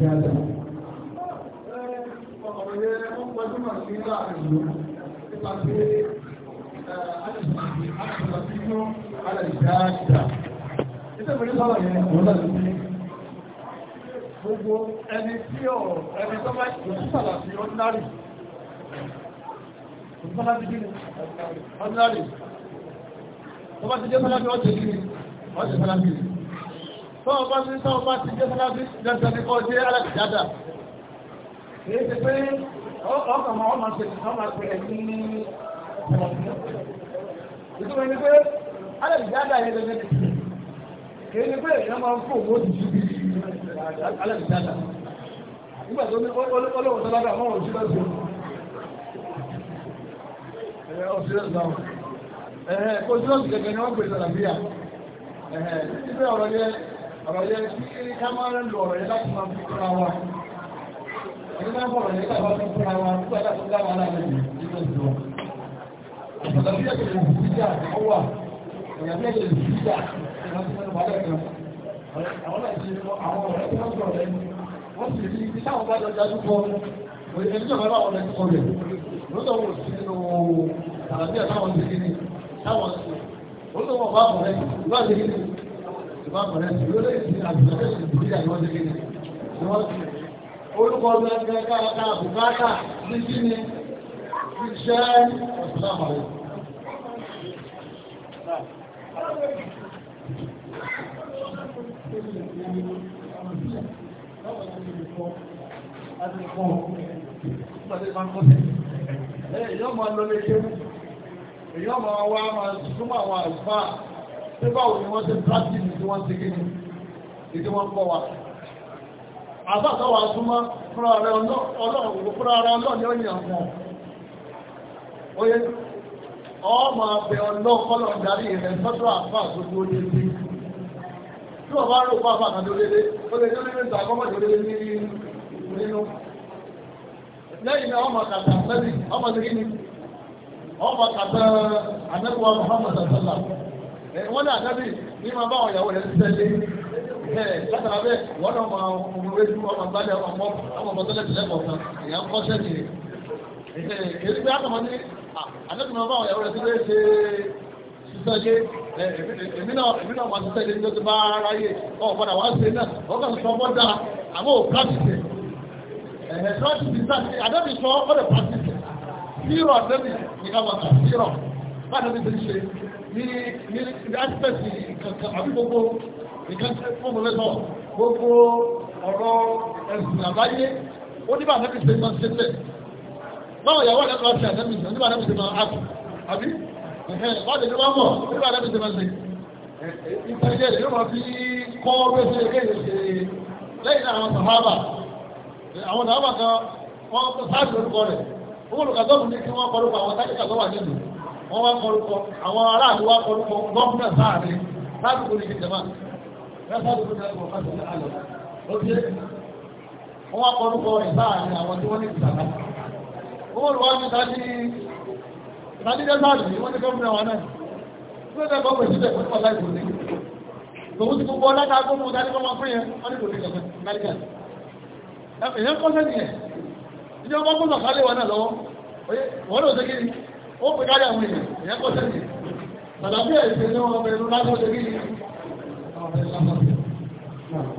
dáadáa. Gbogbo ẹni tí ọ̀rọ̀ ẹni tó bá ìgbòsísàlà sí ọ́nárì. Ìgbòsísàlà sí gínú ọ́nárì. Tó bá ti jẹ́ sọ́lábí ọ́jẹ́ gínú, ọ́jẹ́ sọ́lábí gínú tọ́wọ́ bá ti tọ́wọ́ bá ti jẹ́ sálábí dandan ní kọ́ jẹ́ alákìjádà. Èyí ti pé ọkàn máa ọmọ ṣe ọmọ ṣe ẹ̀mí ní ìtumọ̀ ni pé alákìjádà yẹn lè lẹ́nu. Èyí ni pé èèyàn máa ń fò owó ti ṣubí alákìjádà. Nígbà tó ní ọlọ́wọ́ sálábà máa wọ̀ síbẹ̀ sí. Ẹ̀ẹ́ ọ̀sẹ̀ ọ̀sán. Ẹ̀ẹ́ kò sí ọ̀sẹ̀ kẹ̀kẹ́ ni wọ́n pè sàlàbíyà. Ẹ̀ẹ́ ọ̀rọ̀ àwọn ọ̀rẹ́ tí wọ́n sọ̀rọ̀ lẹ́nu wọ́n sì rí ibi táwọn bá jọ jájú kọ ẹni tí wọ́n bá wọn lẹ́nu kọ rẹ̀ lọ́dọ̀ wò sí nínú àlàbíyà táwọn ti ìbámu rẹ̀ sí ló lè fi àbùsọ̀rọ̀ sí ìbílẹ̀ àwọn ọdún kéde ni wọ́n ti orúkọ gbẹgbẹ káàkà bùkátà ní kí ni iṣẹ́ ọ̀sán àwọn. Èyàn máa lọ lé kéwú, èyàn máa wá máa súnmọ́ àwọn àlùfáà, pé báwo ni wọ́n ti pàtìlì wọ́n ti gínú ìdí wọ́n kọ́ wa àbátọ́wà súnmọ́ fúnra rẹ̀ ọlọ́ọ̀ni ó yàn wọn oye ọmọ abẹ ọlọ́ọ̀kọ́lọ̀ darí rẹ̀ sọ́tọ̀ àfà tó tó lé sí tí wọ́n bá rò fún àfà kan tó lélé ó lè tó lélé tàbí ọmọ tó lélé ní nínú lẹ́yìn náà ọmọ kàtà sẹ́lì ọmọ tó kí ni ọmọ kàtà anẹ́kùwà Muhammad sallallahu wọ́n ní àdábì ní máa bá àwọn ìyàwó rẹ̀ tẹ́lẹ̀ látara bẹ́ẹ̀ wọ́n náà máa ọmọ ojú ọmọ gbálẹ̀ ọmọ ọmọ ọmọ tẹ́lẹ̀ tẹ́lẹ̀ kọ̀ọ̀kan èèyàn kọ́ sẹ́ni èyí pé àtọ̀mọ́ ní àdábì máa bá àwọn ìyàwó rẹ̀ tẹ́lẹ̀ ṣe sísẹ́lẹ̀ èmi náà máa sísẹ́lẹ̀ ní ọdún bá ráyè ọ̀ padà wá sí náà ọkàn sọ ọmọ dáa àmọ́ ò pàtìsì ẹ̀ẹ́ pàtìsì àdábì sọ ọ́ báyìí ló ti ṣe ní ní aspect kankan àbí gbogbo nǹkan fún mi lẹ́sọ̀ gbogbo ọ̀rọ̀ ẹ̀sìn àbáyé ó ní báyìí ló ti ṣe máa ṣe tẹ̀ báwọn ìyàwó àti ọ̀sẹ̀ àtẹ́mì ìṣẹ́ nígbà náà ti ṣe máa àtù àbí wọ́n lè ní wọ́n mọ̀ nígbà náà ti ṣe máa ṣe ìtàjẹ́ rẹ̀ yóò máa fi kọ́ bẹ́sẹ̀ kéèyàn ṣe lẹ́yìn àwọn sàhábà àwọn sàhábà kan wọ́n sáàbì lórúkọ rẹ̀ wọ́n lùkàtọ́ọ̀bù ní kí wọ́n kọ́ lórúkọ àwọn sáàbì kàtọ́wà nílùú wọ́n wá kọrùkọ àwọn aráàlú wá kọrùkọ gọ́ọ̀nà sáàrin láti kò ní ṣe jẹma wọ́n wá kọrùkọ rẹ̀ sáàrin àwọn tí wọ́n ní ìsàlá wọ́n lọ́wọ́ ní sáàrí ìsàlídẹ́ sáàrin wọ́n ní gọ́ọ̀nà wọn náà tí ó tẹ́ gọ́ọ̀nà sílẹ̀ pẹ̀lú ọ̀lá ìgbòlẹ́ lòun ti gbogbo ọlọ́ta agbóhùn ọ̀dájú kọ́ máa fún yẹn wọ́n ní kò ní ìjọba nàìjíríà èyàn kọ́ sẹ́ni yẹn ìjọba gbọ́dọ̀ kálẹ̀ wọn náà lọ́wọ́ wọ́n lọ́ọ́ sẹ́kìrì ó pè kárí àwọn èèyàn ìyẹn kọ́ tàbí ẹ̀sẹ̀ ní wọn bẹ̀rù lásán ṣe kí ni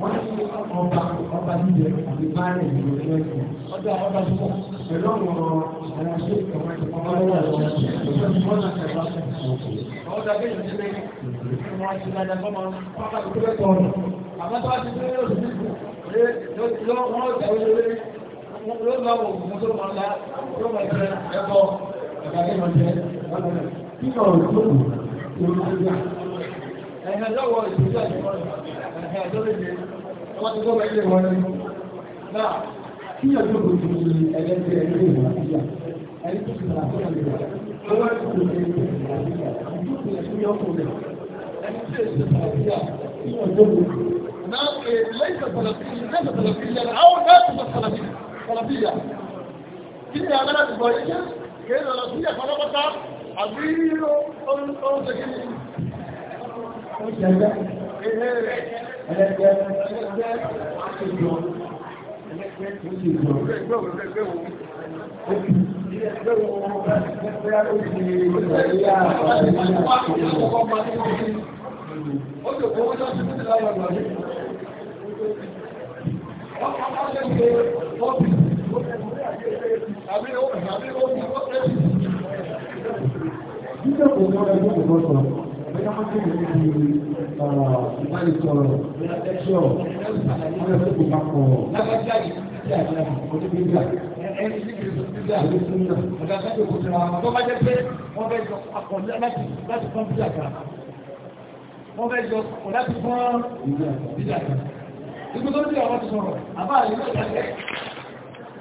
wọ́n ní ọba ọba nílẹ̀ àti báyìí ìlú ẹgbẹ́ ẹ̀sìn ọjọ́ ọba tó kọ̀ pẹ̀lú àwọn ọ̀rọ̀ ṣe ìkọ̀wé ti kọ́kọ́ lọ́wọ́ ẹ̀rọ ìjọba tí wọ́n náà tẹ̀lé ọ̀sẹ̀ ọ̀hún. ọjà bẹ́ẹ̀ ní ilé ìwọ̀n àti ìlànà kọ́mọ pápá ìpínlẹ̀ tọ̀ọ̀nù àbátọ́ àti ìpínlẹ̀ yóò dùn ní ìlú wọ́n tẹ̀wé lórí ليس سلفيا ليس سلفيا او ناقص السلفيه سلفيه كده يا بلد كويسه kèé lọ sí ẹ̀kọ́ lọ́pọ́tá àbí oúnjẹ kìí Ọjọ́ ìgbòho jọ́ sí ìpínlẹ̀ ayọ̀ lọ́rí. Ọjọ́ ìgbòho jọ́ sí ìpínlẹ̀ ayọ̀ lọ́rí. Nígbà tó mọ́ ẹgbẹ́ ìgbọ́n sọ, ẹgbẹ́ máa tẹ̀lé ní ti ìbánisọ̀rọ̀ ẹ̀ṣọ́ ọ̀rẹ́ tó kò bá kọ̀ ọ̀. Lágbájá yìí, ṣé àgbà òní bí gbà? Ẹni tí kìí sọ sí gbà ló fún náà. Ọ̀gá sáyé kò tẹ̀lé àwọn tó bá jẹ́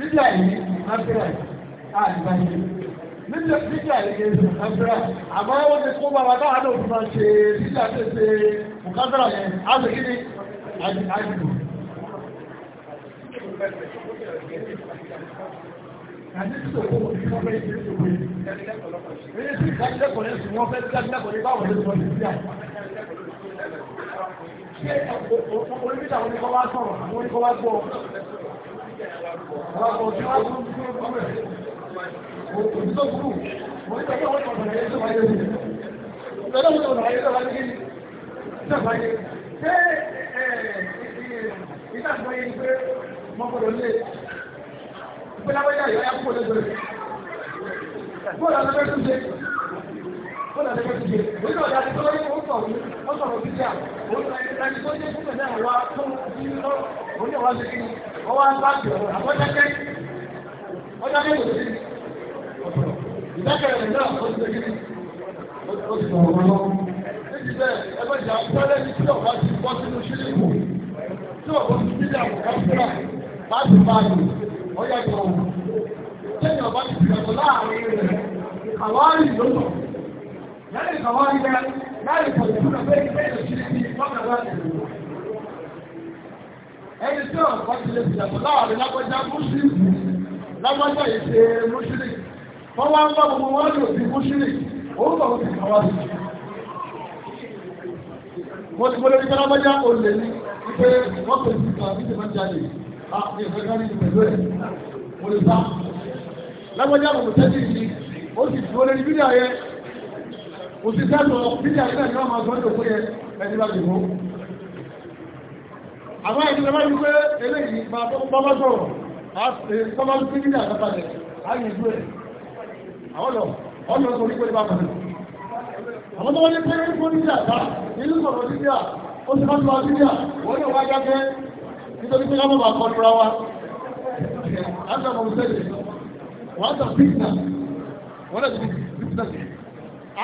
jíjà yìí nàfẹ́rẹ́ àdìbàjẹ́ jíjà yìí nàfẹ́rẹ́ àmọ́ ó ti kó bàbá táwọn àdó òfin máa ṣe jíjà tó ṣe bùkátàrà yẹn á lè kíni àdìbò. Àti tí òkú òkú ní wọ́n fẹ́ ṣe é ṣòwò yìí. Èyí sì ìdánilẹ́kọ̀ọ́ yẹn sùn wọ́n fẹ́ ìdánilẹ́kọ̀ọ́ yẹn báwọn lè sọ ìdíyà ṣe oníbítà oníkọ́wá sọ̀rọ̀ àwọn Oníwàá ṣe kí ni wọ́n wá ń bá ti ọ̀rọ̀ àbọ̀jẹ́kẹ́ ọjọ́kẹ́ kò sí ìdákẹ́rẹ́ náà ó ti gbé kiri ó ti sọ̀rọ̀ wọn lọ. níbi bẹ́ẹ̀ ẹgbẹ́ ìjà pẹ́lẹ́ ní tí ọ̀gá ti bọ́ sínú sílíkù tí ọ̀gá ti bí àwọn kọ́sílà bá ti bá a lò ọjà jọ wọn. sẹ́yìn ọ̀gá ti gbìyànjú láàrin rẹ̀ àwárí lọ́sọ̀ lẹ́yìn àwárí rẹ̀ láì pọ̀ ìdúró bẹ́ẹ̀ bẹ́ẹ̀ ẹni tí ọ̀pọ̀ ti lè fìyàtọ̀ láàrin lágbọ́já mùsùlùmí lágbọ́já ìṣe mùsùlùmí wọ́n wá ń bá gbogbo wọn lò sí mùsùlùmí òun bọ̀ sí àwọn àti mo ti gbọ́dọ̀ nípa lágbọ́já olè ní pé wọ́n pè sí ìgbà bí ìṣẹ̀fẹ́ jáde àti ìṣẹ̀fẹ́ kárí ní pẹ̀lú ẹ̀ mo lè sá lágbọ́já mo tẹ́tí ìṣe ó sì dúró lórí bídíà yẹ òṣìṣẹ́ lọ bídíà yẹ náà ni wọ́n máa sọ́dọ̀ fún yẹ ẹni bá dìbò àwọn ìdílé wáyé pé eléyìí máa tó pọ́pọ́ sọ̀rọ̀ pọ́pọ́ sí nílẹ̀ àtàpàdé ayé ìlú ẹ̀ àwọn lọ ọ̀nà tó ní pẹ́lú bàbá àwọn tó wọ́n ní pẹ́lú fún nílẹ̀ àtà nínú sọ̀rọ̀ nílẹ̀ ó ti máa ń lọ nílẹ̀ wọ́n ní wájá jẹ́ nítorí pé káwọn máa kọlu ra wa láti ọmọ òṣèlè wọ́n tà fíìsà wọ́n tà fíìsà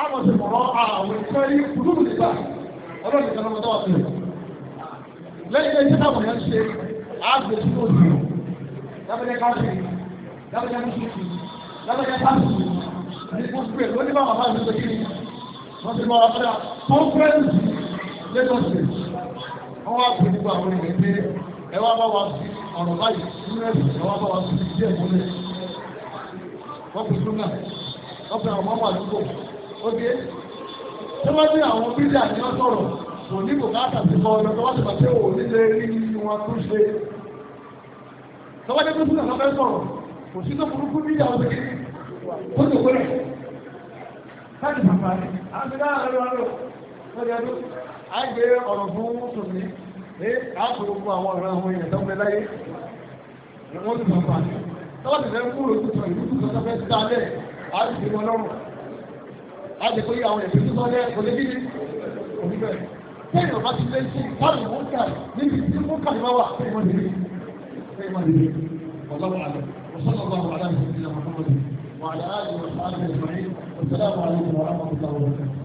àwọn ti mọ̀rọ̀ àwọn ìfẹ́ yìí kúrú nígbà ọlọ́run ìkànnì ọmọdé wà fún lẹ́yìn tí táwọn yẹn ṣe àgbè tí ó dùn lábẹ́jẹ́ káàkiri lábẹ́jẹ́ mùsùlùmí lábẹ́jẹ́ káàkiri ní gbogbo ẹ̀ lónìí bàbá mi ṣe kiri wọ́n ti lọ abẹ́rẹ́ kọ́nfẹ́rẹ́nsì Lagos state wọ́n wá pè nípa àwọn èèyàn pé ẹ wá bá wa sí ọ̀rọ̀ báyìí nínú ẹ̀sìn ẹ wá bá wa sí ìdí múlẹ̀ wọ́n pè fún náà wọ́n pè àwọn ọmọ àdúgbò ó dé tí wọ́n ní àwọn bídà ni wọ́n sọ̀rọ̀ kò ní bùkátà sí kọ́ ọ̀nà tọ́wọ́ tẹ̀bà tẹ́ òun nílé rí wọn tó ṣe tọ́wọ́ tẹ́ tó fún ọ̀nà fẹ́ sọ̀rọ̀ kò sí tó burúkú ní ìyàwó tẹ̀lé kó tó gbé rẹ̀ sáàdì bàbá rẹ̀ á ti dá àárẹ̀ wọn lò lórí ẹdún á gbé ọ̀rọ̀ fún mùsùlùmí ẹ á kó gbogbo àwọn ọ̀rọ̀ àwọn èèyàn tó ń bẹ láyé wọ́n ti bàbá rẹ̀ tọ́wọ́ tẹ̀lé kúrò tuntun ìlú tuntun tó fẹ́ dálẹ̀ á ti dé wọn lọ́rùn á ti kó yí àwọn èèyàn tó tọ́ lẹ́ kéèyàn bá ti lé sí ìtàrí múkà níbi tí múkà ní wà kéèyàn lè rí kéèyàn lè rí ọlọ́wọ́ àlẹ́ وصلى الله على سيدنا محمد وعلى اله وصحبه اجمعين والسلام عليكم ورحمه الله وبركاته